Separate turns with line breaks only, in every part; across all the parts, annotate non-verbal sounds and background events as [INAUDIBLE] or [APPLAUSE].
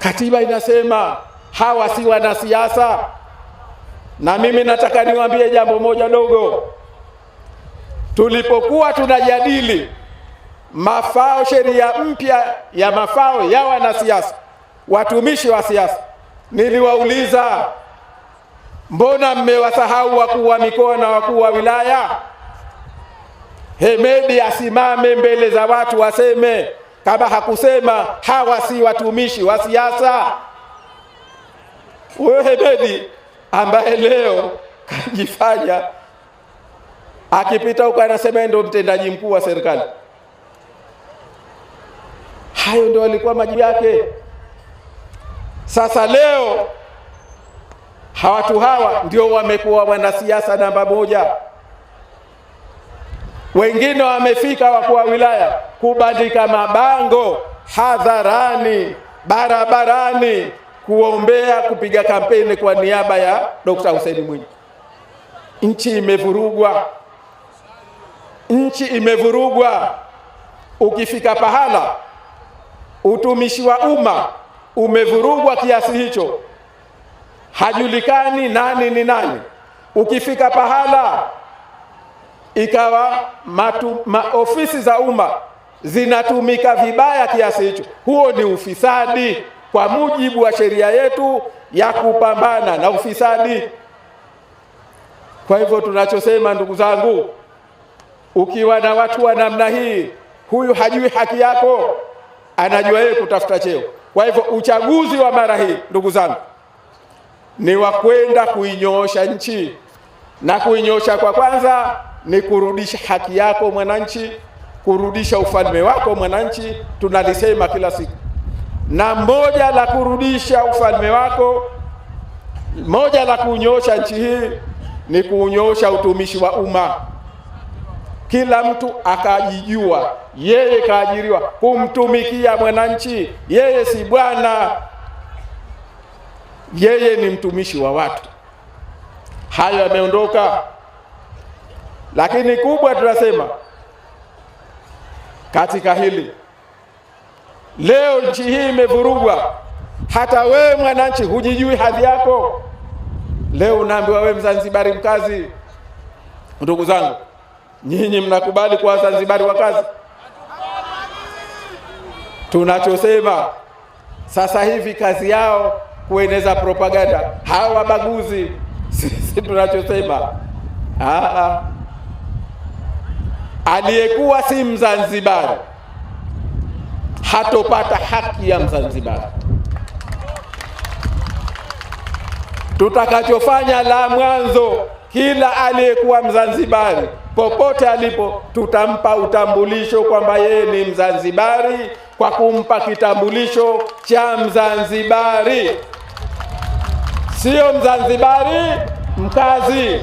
Katiba inasema hawa si wanasiasa. Na mimi nataka niwaambie jambo moja dogo. Tulipokuwa tunajadili mafao, sheria mpya ya mafao ya wanasiasa, watumishi wa siasa, niliwauliza mbona mmewasahau wakuu wa mikoa na wakuu wa wilaya? Hemedi asimame mbele za watu waseme kama hakusema hawa si watumishi wa siasa. Wewe Hemedi ambaye leo kajifanya akipita huko anasema ndio mtendaji mkuu wa serikali. Hayo ndio alikuwa majibu yake. Sasa leo hawatu hawa ndio wamekuwa wanasiasa namba moja, wengine wamefika wakuu wa wilaya kubandika mabango hadharani, barabarani, kuombea, kupiga kampeni kwa niaba ya Dr. Hussein Mwinyi. Nchi imevurugwa, nchi imevurugwa. Ukifika pahala utumishi wa umma umevurugwa kiasi hicho, hajulikani nani ni nani. Ukifika pahala ikawa matu, ma, ofisi za umma zinatumika vibaya kiasi hicho, huo ni ufisadi kwa mujibu wa sheria yetu ya kupambana na ufisadi. Kwa hivyo tunachosema, ndugu zangu, ukiwa na watu wa namna hii, huyu hajui haki yako, anajua yeye kutafuta cheo. Kwa hivyo uchaguzi wa mara hii, ndugu zangu, ni wa kwenda kuinyoosha nchi, na kuinyoosha kwa kwanza ni kurudisha haki yako mwananchi kurudisha ufalme wako mwananchi, tunalisema kila siku, na moja la kurudisha ufalme wako, moja la kunyosha nchi hii ni kunyosha utumishi wa umma, kila mtu akajijua yeye kaajiriwa kumtumikia mwananchi, yeye si bwana, yeye ni mtumishi wa watu. Hayo yameondoka, lakini kubwa tunasema katika hili. Leo nchi hii imevurugwa, hata wewe mwananchi hujijui hadhi yako. Leo unaambiwa wewe Mzanzibari mkazi. Ndugu zangu, nyinyi mnakubali kuwa Wazanzibari wakazi? Tunachosema sasa hivi kazi yao kueneza propaganda, hawa baguzi. [LAUGHS] Sisi tunachosema aa ah, ah aliyekuwa si Mzanzibari hatopata haki ya Mzanzibari. Tutakachofanya la mwanzo, kila aliyekuwa Mzanzibari popote alipo, tutampa utambulisho kwamba yeye ni Mzanzibari kwa kumpa kitambulisho cha Mzanzibari, sio Mzanzibari mkazi.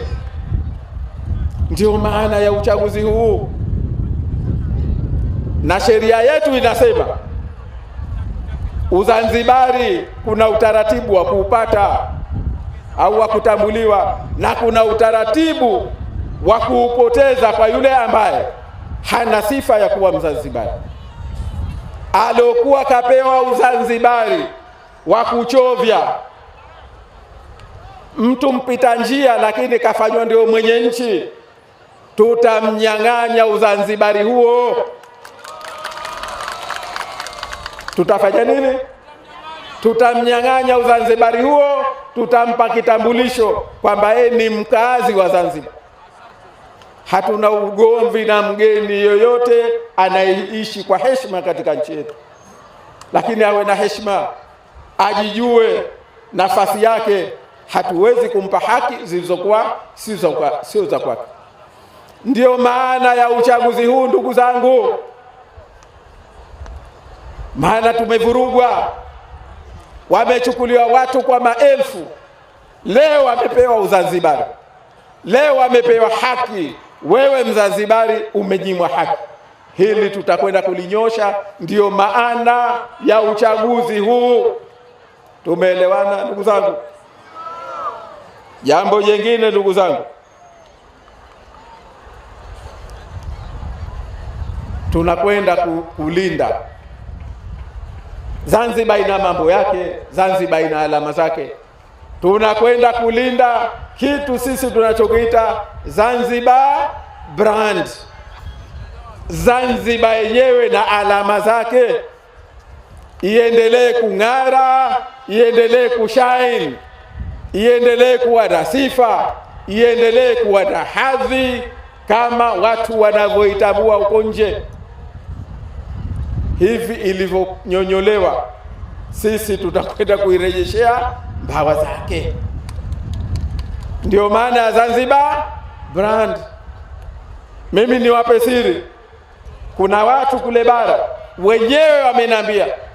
ndio maana ya uchaguzi huu na sheria yetu inasema Uzanzibari kuna utaratibu wa kuupata au wa kutambuliwa na kuna utaratibu wa kuupoteza kwa yule ambaye hana sifa ya kuwa Mzanzibari. Aliokuwa kapewa Uzanzibari wa kuchovya mtu mpita njia, lakini kafanywa ndio mwenye nchi, tutamnyang'anya Uzanzibari huo tutafanya nini? Tutamnyang'anya uzanzibari huo, tutampa kitambulisho kwamba yeye ni mkazi wa Zanzibar. Hatuna ugomvi na mgeni yoyote anayeishi kwa heshima katika nchi yetu, lakini awe na heshima, ajijue nafasi yake. Hatuwezi kumpa haki zilizokuwa sio za kwake. Ndiyo maana ya uchaguzi huu, ndugu zangu maana tumevurugwa. Wamechukuliwa watu kwa maelfu, leo wamepewa Uzanzibari, leo wamepewa haki. Wewe Mzanzibari umenyimwa haki. Hili tutakwenda kulinyosha, ndiyo maana ya uchaguzi huu. Tumeelewana ndugu zangu? Jambo jingine ndugu zangu, tunakwenda kulinda Zanzibar ina mambo yake, Zanzibar ina alama zake. Tunakwenda kulinda kitu sisi tunachokiita Zanzibar brand, Zanzibar yenyewe na alama zake iendelee kung'ara, iendelee kushine, iendelee kuwa na sifa, iendelee kuwa na hadhi kama watu wanavyoitambua huko nje hivi ilivyonyonyolewa, sisi tutakwenda kuirejeshea mbawa zake. Ndio maana ya Zanzibar brand. Mimi niwape siri, kuna watu kule bara wenyewe wamenambia